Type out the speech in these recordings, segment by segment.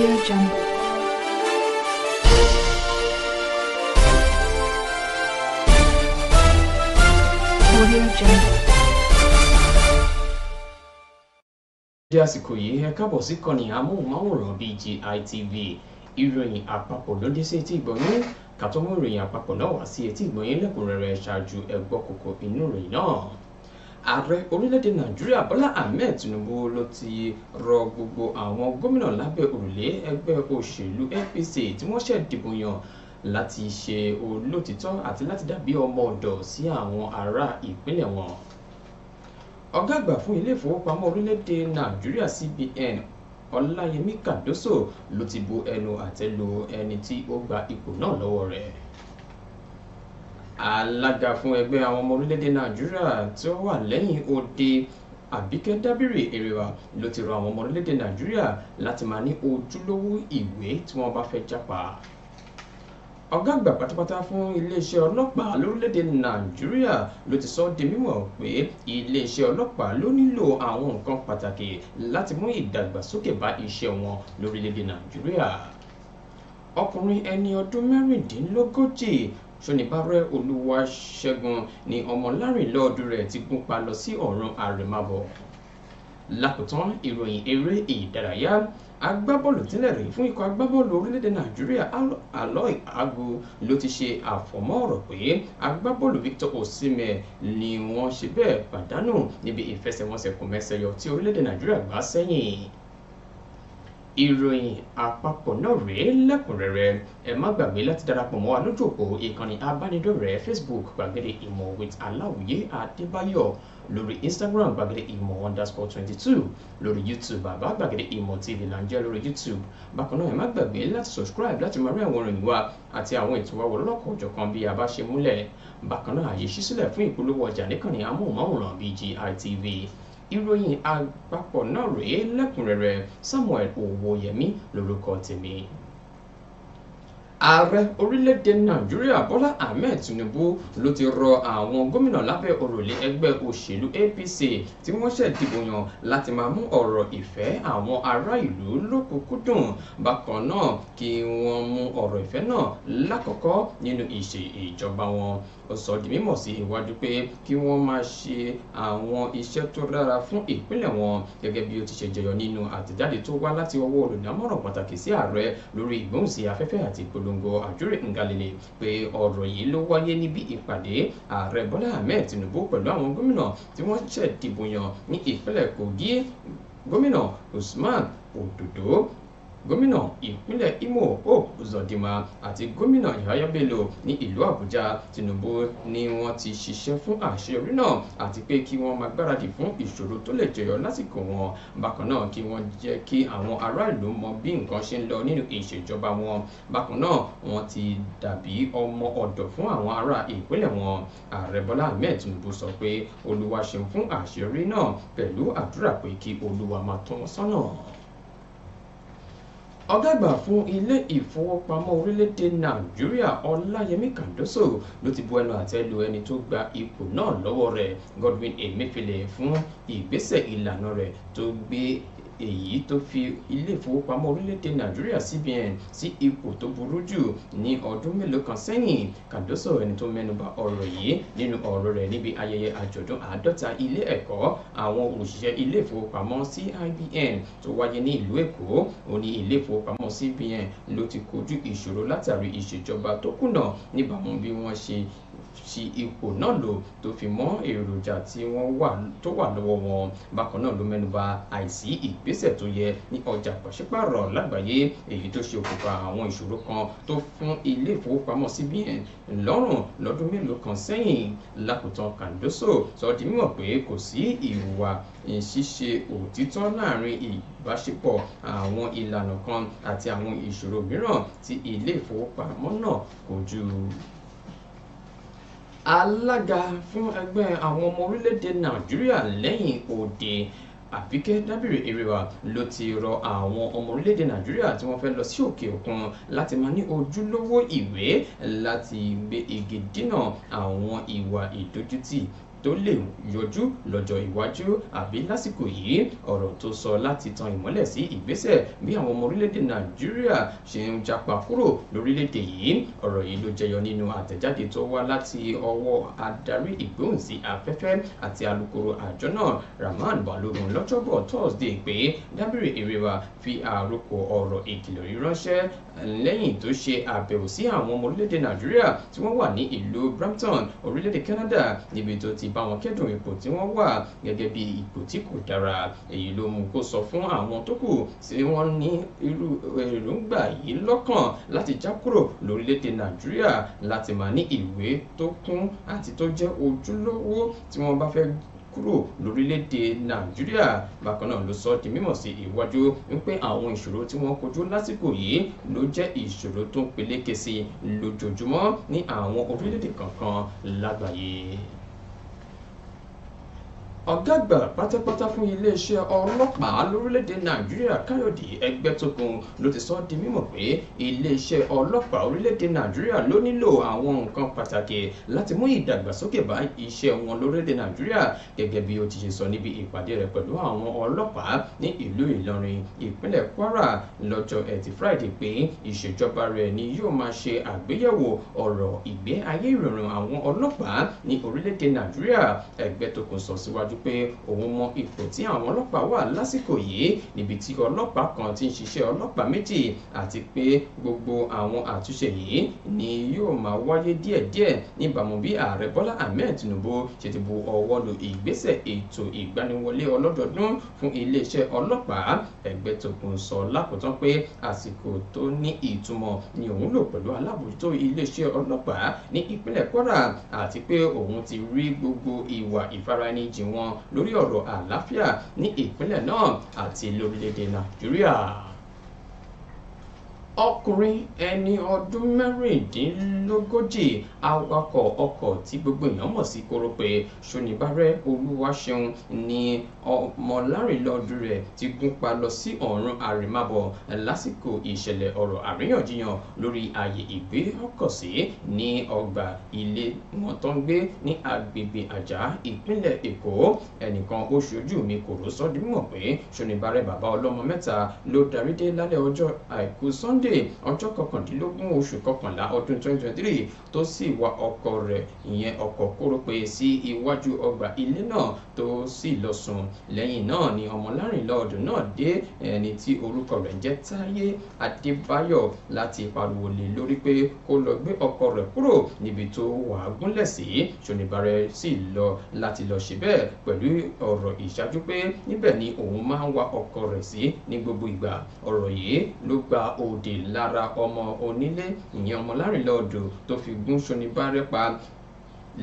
Audio Jungle. Audio Jungle. di àsìkò yìí ẹ káàbọ̀ sí kànnì amóhùnmáwòrán BGI TV ìròyìn àpapọ̀ ló dé sí etí ìgbọ̀nyín kàtọ́mú ìròyìn àpapọ̀ náà wá sí etí ìgbọ̀nyín lẹ́kùnrẹ́rẹ́ ṣáájú ẹgbọ́ kòkó inú ìròyìn náà ààrẹ orílẹ̀-èdè nàìjíríà bọ́lá ahmed tinubu ló ti rọ gbogbo àwọn gómìnà lábẹ́ òrùlé ẹgbẹ́ òṣèlú apc tí wọ́n ṣẹ̀ dìbò yàn láti ṣe olótìtọ́ àti láti dàbí ọmọ ọ̀dọ̀ sí àwọn ará ìpínlẹ̀ wọn ọ̀gá àgbà fún ilé ìfowópamọ́ orílẹ̀-èdè nàìjíríà cbn ọláyẹmí kàdóso ló ti bu ẹnu àtẹ́ lu ẹni tí ó gba ipò náà lọ́wọ́ rẹ̀ alága fún ẹgbẹ́ àwọn ọmọ orílẹ̀-èdè nàìjíríà tí ó wà lẹ́yìn odi àbíkẹ́ dábìrì èrèwà ló ti rọ àwọn ọmọ orílẹ̀-èdè nàìjíríà láti máa ní ojúlówó ìwé tí wọ́n bá fẹ́ jápa ọ̀gá àgbà pátápátá fún iléeṣẹ́ ọlọ́pàá lórílẹ̀‐èdè nàìjíríà ló ti sọ di mímọ̀ pé iléeṣẹ́ ọlọ́pàá ló nílò àwọn nǹkan pàtàkì láti mú ìdàgbàsókè bá iṣẹ́ wọn lórílẹ̀‐èdè nàìjíríà ọkùnrin ẹni ọdún mẹ́rìndínlógójì ṣonibárẹ̀ olúwaṣẹ́gun ni ọmọlárìnlọ́ọ̀dù rẹ̀ ti gúnpa lọ sí ọ̀run àrèmábọ̀ lákòótán ìròyìn eré ìdárayá agbábọ́ọ̀lù tẹ́lẹ̀ rí fún ikọ̀ agbábọ́ọ̀lù orílẹ̀-èdè nàìjíríà aloy agbo ló ti ṣe àfọ̀mọ́ ọ̀rọ̀ pé agbábọ́ọ̀lù Victor Osimhen ni wọ́n ṣe bẹ́ẹ̀ pàdánù níbi ìfẹsẹ̀wọnsẹ̀ kòmẹsẹ̀yọ tí orílẹ̀-èdè nàìjíríà gbá sẹ́yìn ìròyìn àpapọ̀ náà rèé lẹ́kùnrẹ́rẹ́ ẹ má gbàgbé láti darapọ̀ mọ́ wa lójú òpó ìkànnì abánidọ́rẹ̀ẹ́ facebook gbàgede ìmọ̀ with aláwìyé adébáyọ̀ lórí instagram gbàgede ìmọ̀ underscore twenty two lórí youtube bàbá gbàgede ìmọ̀ tv là ń jẹ́ lórí youtube bákan náà ẹ má gbàgbé láti subscribe láti máa rí àwọn ìròyìn wa àti àwọn ètò wa wọlọ́lọ́kọ̀ ọ̀jọ̀kan bí a bá ṣe múlẹ̀ bákan náà àyè ṣí sílẹ̀ fún ìpolówó ọjà níkànnì amóhùnmáwòrán bíi BGI ìròyìn àpapọ̀ náà rèé lẹ́kùnrẹ́rẹ́ Samuel Owóyẹmí lórúkọ tèmi ààrẹ orílẹ̀-èdè nàìjíríà bọ́lá ahmed tinubu ló ti rọ àwọn gómìnà lábẹ́ òrùlé ẹgbẹ́ òṣèlú apc tí wọ́n ṣẹ̀ dìbò yàn láti máa mú ọ̀rọ̀ ìfẹ́ àwọn ará ìlú lókùnkúndùn bákan náà kí wọ́n mú ọ̀rọ̀ ìfẹ́ náà lákọ̀ọ́kọ́ nínú ìṣe wọn sọ di mímọ̀ sí iwájú pé kí wọ́n máa ṣe àwọn iṣẹ́ tó dára fún ìpínlẹ̀ wọn gẹ́gẹ́ bí ó ti ṣe jẹyọ nínú àtẹ̀jáde tó wá láti ọwọ́ olùdámọ̀ràn pàtàkì sí ààrẹ lórí ìgbóhùnsí afẹ́fẹ́ àti ìpolongo àjúrè ngalele pé ọ̀rọ̀ yìí ló wáyé níbi ìpàdé ààrẹ bọ́lá ahmed tinubu pẹ̀lú àwọn gómìnà tí wọ́n ṣẹ̀ ní ìpínlẹ̀ kogi gómìnà usman òdòdó gómìnà ìpínlẹ̀ Imo Hope Uzodinma àti gómìnà Yahaya Bello ní ìlú Àbújá Tinubu ni wọ́n ti ṣiṣẹ́ fún àṣeyọrí náà àti pé kí wọ́n máa gbáradì fún ìṣòro tó lè jẹyọ lásìkò wọn bákan náà kí wọ́n jẹ́ kí àwọn aráàlú mọ bí nǹkan ṣe ń lọ nínú ìṣèjọba wọn bákan náà wọ́n ti dàbí ọmọ ọ̀dọ̀ fún àwọn ará ìpínlẹ̀ wọn ààrẹ Bọ́lá Ahmed Tinubu sọ pé olúwa ṣeun fún àṣeyọrí náà pẹ̀lú àdúrà pé kí olúwa máa tọ́ wọn sọ́nà ọ̀gá àgbà fún ilé ìfowópamọ́ orílẹ̀-èdè nàìjíríà ọláyẹmí kàndóso ló ti bu ẹnu àtẹ́ lu ẹni tó gba ipò náà lọ́wọ́ rẹ̀ godwin emefiele fún ìgbésẹ̀ ìlànà rẹ̀ tó gbé èyí tó fi ilé ìfowópamọ́ orílẹ̀-èdè nàìjíríà cbn sí ipò tó burú jù ní ọdún mélòó kan sẹ́yìn kàdósò ẹni tó mẹ́nuba ọ̀rọ̀ yìí nínú ọ̀rọ̀ rẹ̀ níbi ayẹyẹ àjọ̀dún àádọ́ta ilé ẹ̀kọ́ àwọn òṣìṣẹ́ ilé ìfowópamọ́ cibn tó wáyé ní ìlú èkó ó ní ilé ìfowópamọ́ cbn ló ti kojú ìṣòro látàrí ìṣèjọba tó kùnà níbàámu bí wọ́n ṣe sí ipò náà lò tó fi mọ́ èròjà tí wọ́n wà tó wà lọ́wọ́ wọn bákan náà ló mẹ́nuba àìsí ìgbésẹ̀ tó yẹ ní ọjà pàṣípààrọ̀ lágbàáyé èyí tó ṣe òkùnfà àwọn ìṣòro kan tó fún ilé ìfowópamọ́ CBN lọ́rùn lọ́dún mélòó kan sẹ́yìn lákòótán Cardoso sọ di mímọ̀ pé kò sí ìwà ṣíṣe òtítọ́ láàrin ìbáṣepọ̀ àwọn ìlànà kan àti àwọn ìṣòro mìíràn tí ilé ìfowópamọ́ náà kojú alága fún ẹgbẹ́ àwọn ọmọ orílẹ̀-èdè nàìjíríà lẹ́yìn òde àbíkẹ́ dábìrì èrèwà ló ti rọ àwọn ọmọ orílẹ̀-èdè nàìjíríà tí wọ́n fẹ́ lọ sí òkè òkun láti máa ní ojúlówó ìwé láti gbé igi dínà àwọn ìwà ìdójútì tó lè yọjú lọ́jọ́ iwájú àbí lásìkò yìí ọ̀rọ̀ tó sọ láti tan ìmọ́lẹ̀ sí ìgbésẹ̀ bí àwọn ọmọ orílẹ̀-èdè nàìjíríà ṣe ń japa kúrò lórílẹ̀-èdè yìí ọ̀rọ̀ yìí ló jẹyọ nínú àtẹ̀jáde tó wá láti ọwọ́ adarí ìgbóhùnsí afẹ́fẹ́ àti alukoro àjọ náà rahman balogun lọ́jọ́bọ̀ thursday pé dábìrì èrèwà fi àròkọ ọ̀rọ̀ ìkìlọ̀ yìí ránṣẹ́ lẹ́yìn tó ṣe àbẹ̀wò sí àwọn ọmọ orílẹ̀-èdè nàìjíríà tí wọ́n wà ní ìlú brampton orílẹ̀-èdè canada níbi tó ti bá wọn kẹ́dùn ipò tí wọ́n wà gẹ́gẹ́ bí ipò tí kò dára èyí ló mú kó sọ fún àwọn tó kù tí wọ́n ní irú èròǹgbà yìí lọ́kàn láti já kúrò lórílẹ̀‐èdè nàìjíríà láti máa ní ìwé tó kún àti tó jẹ́ ojúlówó tí wọ́n bá fẹ́ kúrò lórílẹ̀ nàìjíríà bákan náà ló sọ di mímọ̀ sí iwájú wípé àwọn ìṣòro tí wọ́n kojú lásìkò yìí ló jẹ́ ìṣòro tó peléke sí lójoojúmọ́ ní àwọn orílẹ̀‐èdè lágbàáyé ọ̀gá àgbà pátápátá fún iléeṣẹ́ ọlọ́pàá lórílẹ̀‐èdè nàìjíríà káyọ̀dé ẹgbẹ́tógun ló ti sọ di mímọ̀ pé iléeṣẹ́ ọlọ́pàá orílẹ̀‐èdè nàìjíríà ló nílò àwọn nǹkan pàtàkì láti mú ìdàgbàsókè bá iṣẹ́ wọn lórílẹ̀‐èdè nàìjíríà gẹ́gẹ́ bí ó ti ṣe sọ níbi ìpàdé rẹ̀ pẹ̀lú àwọn ọlọ́pàá ní ìlú ìlọrin ìpínlẹ̀ kwara lọ́jọ́ ẹtì friday pé ìṣèjọba rẹ̀ ni yóò máa ṣe àgbéyẹ̀wò ọ̀rọ̀ ìgbé ayé ìrọ̀rùn àwọn ọlọ́pàá ní orílẹ̀‐èdè nàìjíríà ẹgbẹ́tógun sọ síwájú síwájú pé òun mọ ipò tí àwọn ọlọ́pàá wà lásìkò yìí níbi tí ọlọ́pàá kan ti ń ṣiṣẹ́ ọlọ́pàá méjì àti pé gbogbo àwọn àtúnṣe yìí ni yóò máa wáyé díẹ̀díẹ̀ níbàámu bí ààrẹ Bọ́lá Ahmed Tinubu ṣe ti bu ọwọ́ lu ìgbésẹ̀ ètò ìgbaniwọlé ọlọ́dọọdún fún iléeṣẹ́ ọlọ́pàá Ẹgbẹ́tókun sọ lákòótán pé àsìkò tó ní ìtumọ̀ ni òun lò pẹ̀lú alábòójútó iléeṣẹ́ ọlọ́pàá ní ìpínlẹ̀ Kwara àti pé òun ti rí gbogbo ìwà ìfaraẹnijìn wọn wọn lórí ọ̀rọ̀ àlàáfíà ní ìpínlẹ̀ náà àti lórílẹ̀‐èdè nàìjíríà ọkùnrin ẹni ọdún mẹ́rìndínlógójì awakọ̀ ọkọ̀ tí gbogbo èèyàn mọ̀ sí korope ṣonibárẹ́ olúwaṣeun ni ọmọlárìnlọ́dún rẹ̀ ti gún pa lọ sí ọ̀run àrèmábọ̀ lásìkò ìṣẹ̀lẹ̀ ọ̀rọ̀ àríyànjiyàn lórí ààyè ìgbé ọkọ̀ sí ní ọgbà ilé wọn tó ń gbé ní agbègbè àjà ìpínlẹ̀ èkó ẹnìkan ó ṣojú mi kò rò sọ́dún mọ̀ pé ṣonibárẹ́ bàbá ọlọ́mọ mẹ́ta ló darí dé lálẹ́ ọjọ́ àìkú sunday Tuesday ọjọ́ kọkàndínlógún oṣù kọkànlá ọdún 2023 tó sì wa ọkọ̀ rẹ̀ ìyẹn ọkọ̀ kórópè sí iwájú ọgbà ilé náà tó sì lọ sùn lẹ́yìn náà ni ọmọlárìnlọ́ọ̀dù náà dé ẹni tí orúkọ rẹ̀ jẹ́ Táyé Adébáyọ̀ láti pariwo lé lórí pé kó lọ gbé ọkọ̀ rẹ̀ kúrò níbi tó wà á gúnlẹ̀ sí ṣonibàrẹ̀ sì lọ láti lọ ṣe bẹ́ẹ̀ pẹ̀lú ọ̀rọ̀ ìṣáájú pé níbẹ̀ ni òun máa ń wa ọkọ̀ rẹ̀ sí ní gbogbo ìgbà ọ̀rọ̀ yìí ló gba òde ìlara ọmọ onílé ìyẹn ọmọlárìnlọ odò tó fi gún sọni bárẹ́ pa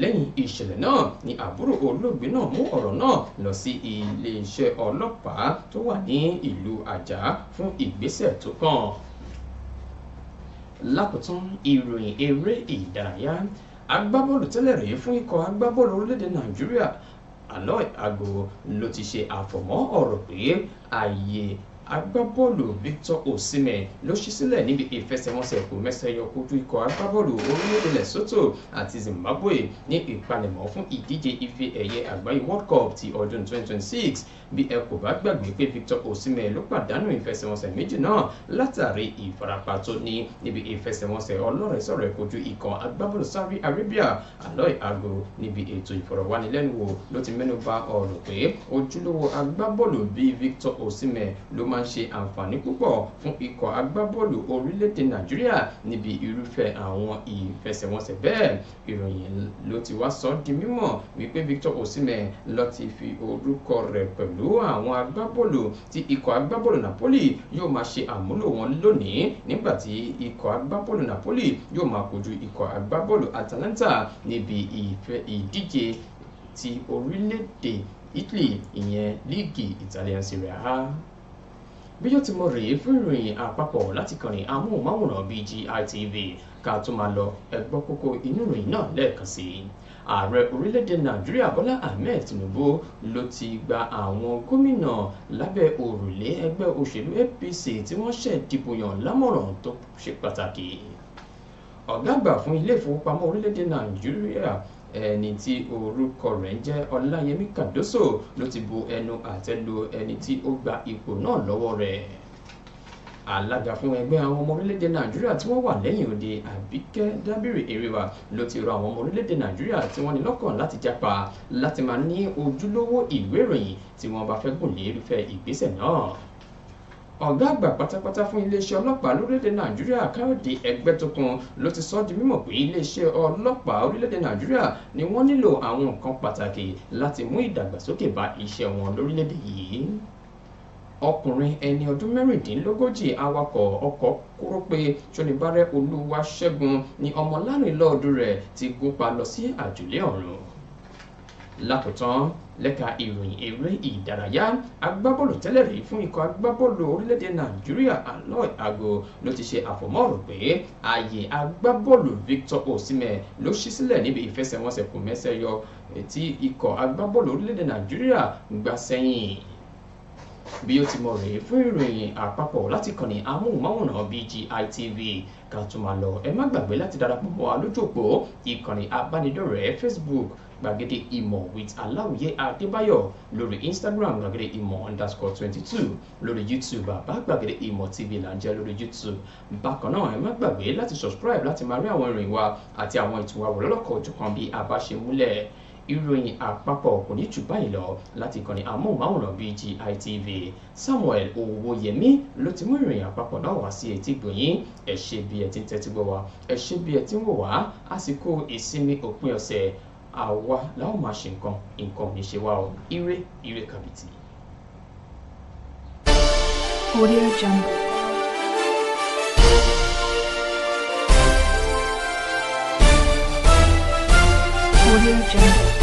lẹ́yìn ìṣẹ̀lẹ̀ náà ni àbúrò olóògbé náà mú ọ̀rọ̀ náà lọ sí iléeṣẹ́ ọlọ́pàá tó wà ní ìlú àjà fún ìgbésẹ̀ tó kàn lákòótán ìròyìn eré ìdárayá agbábọ́ọ̀lù tẹ́lẹ̀ rèé fún ikọ̀ agbábọ́ọ̀lù orílẹ̀-èdè nàìjíríà Aloy Agbo ló ti ṣe àfọ̀mọ́ ọ̀rọ̀ pé ààyè agbábọ́ọ̀lù Victor Osimhen ló ṣí sílẹ̀ níbi ìfẹsẹ̀wọnsẹ̀ kò mẹ́sẹ̀yọ kojú ikọ̀ agbábọ́ọ̀lù orílẹ̀-èdè Lesotho àti Zimbabwe ní ìpalẹ̀mọ́ fún ìdíje ife ẹ̀yẹ àgbáyé World Cup ti ọdún 2026 bí ẹ kò bá gbàgbé pé Victor Osimhen ló pàdánù ìfẹsẹ̀wọnsẹ̀ méjì náà látàrí ìfarapa tó ní níbi ìfẹsẹ̀wọnsẹ̀ ọlọ́rẹ̀ẹ́sọ̀rẹ̀ kojú ikọ̀ agbábọ́ọ̀lù Saudi Arabia Aloy Agbo níbi ètò ìfọ̀rọ̀wánilẹ́nuwò ló ti mẹ́nu bà ọ̀rọ̀ pé ojúlówó agbábọ́ọ̀lù bíi Victor Osimhen ló má máa ṣe àǹfààní púpọ̀ fún ikọ̀ agbábọ́ọ̀lù orílẹ̀-èdè nàìjíríà níbi irúfẹ́ àwọn ìfẹsẹ̀wọnsẹ̀ bẹ́ẹ̀ ìròyìn ló ti wá sọ di mímọ̀ wípé Victor Osimhen ló ti fi orúkọ rẹ̀ pẹ̀lú àwọn agbábọ́ọ̀lù tí ikọ̀ agbábọ́ọ̀lù Napoli yóò máa ṣe àmúlò wọn lónìí nígbà tí ikọ̀ agbábọ́ọ̀lù Napoli yóò máa kojú ikọ̀ agbábọ́ọ̀lù Atalanta níbi ìdíje ti orílẹ̀-èdè Italy ìyẹn líìgì Italian Serie A bí yóò ti mọ rèé fún ìròyìn àpapọ̀ láti kànnì amóhùnmáwòrán BGI TV ká tó máa lọ ẹ gbọ́ kókó inú ìròyìn náà lẹ́ẹ̀kan sí i ààrẹ orílẹ̀-èdè nàìjíríà bọ́lá ahmed tinubu ló ti gba àwọn gómìnà lábẹ́ òrùlé ẹgbẹ́ òṣèlú apc tí wọ́n ṣẹ̀ dìbò yàn lámọ̀ràn tó ṣe pàtàkì ọ̀gá àgbà fún ilé ìfowópamọ́ orílẹ̀-èdè nàìjíríà ẹni tí orúkọ rẹ̀ ń jẹ́ ọláyẹmí cardoso ló ti bu ẹnu àtẹ́ lu ẹni tí ó gba ipò náà lọ́wọ́ rẹ̀ alága fún ẹgbẹ́ àwọn ọmọ orílẹ̀-èdè nàìjíríà tí wọ́n wà lẹ́yìn odi àbíkẹ́ dábìrì èrèwà ló ti rọ àwọn ọmọ orílẹ̀-èdè nàìjíríà tí wọ́n ní lọ́kàn láti jápa láti máa ní ojúlówó ìwé ìròyìn tí wọ́n bá fẹ́ gùn lé irúfẹ́ ìgbésẹ̀ náà ọ̀gá àgbà pátápátá fún iléeṣẹ́ ọlọ́pàá lórílẹ̀‐èdè nàìjíríà káyọ̀dé ẹgbẹ́tókun ló ti sọ ọ́ di mímọ̀ pé iléeṣẹ́ ọlọ́pàá orílẹ̀‐èdè nàìjíríà ni wọ́n nílò àwọn nǹkan pàtàkì láti mú ìdàgbàsókè bá iṣẹ́ wọn lórílẹ̀‐èdè yìí ọkùnrin ẹni ọdún mẹ́rìndínlógójì awakọ̀ ọkọ̀ kórópè ṣonibárẹ́ olúwaṣẹ́gun ni ọmọlárìnlọ́ọ̀dún rẹ̀ ti gúnpa lọ sí àjùlé ọ̀run lákòótán lẹ́ka ìròyìn eré ìdárayá agbábọ́ọ̀lù tẹ́lẹ̀ rí fún ikọ̀ agbábọ́ọ̀lù orílẹ̀-èdè nàìjíríà aloy ago ló ti ṣe àfọ̀mọ́rò pé ààyè agbábọ́ọ̀lù victor osimhen ló ṣí sílẹ̀ níbi ìfẹsẹ̀wọnsẹ̀ kò mẹ́sẹ̀yọ tí ikọ̀ agbábọ́ọ̀lù orílẹ̀-èdè nàìjíríà gbà sẹ́yìn bí ó ti mọ rèé fún ìròyìn àpapọ̀ láti kànnì amóhùnmáwòrán BGI TV ká tún máa lọ ẹ má gbàgbé láti darapọ̀ mọ́ wa òpó ìkànnì abánidọ́rẹ̀ẹ́ Facebook gbàgede ìmọ̀ with aláwìyé adébáyọ̀ lórí instagram gbàgede ìmọ̀ underscore twenty two lórí youtube bàbá gbàgede ìmọ̀ tv là ń jẹ́ lórí youtube bákan náà ẹ má gbàgbé láti subscribe láti máa rí àwọn ìròyìn wa àti àwọn ìtùwà wò lọ́lọ́kọ̀ òjọ̀kan bí a bá ṣe múlẹ̀ ìròyìn àpapọ̀ kò ní jù báyìí lọ láti ìkànnì amóhùnmáwòrán BGI TV Samuel Owóyẹmí ló ti mú ìròyìn àpapọ̀ náà wá sí etí gbòyìn ẹ ṣé bí ẹ ti ń tẹ́tí gbọ́ wa ẹ ṣé bí ẹ ti ń wò wá àsìkò ìsinmi òpin ọ̀sẹ̀ àwa láwọn máa ṣe nǹkan nǹkan ò ní ṣe wá o ire ire kàbìtì. Audio Jungle. Audio Jungle.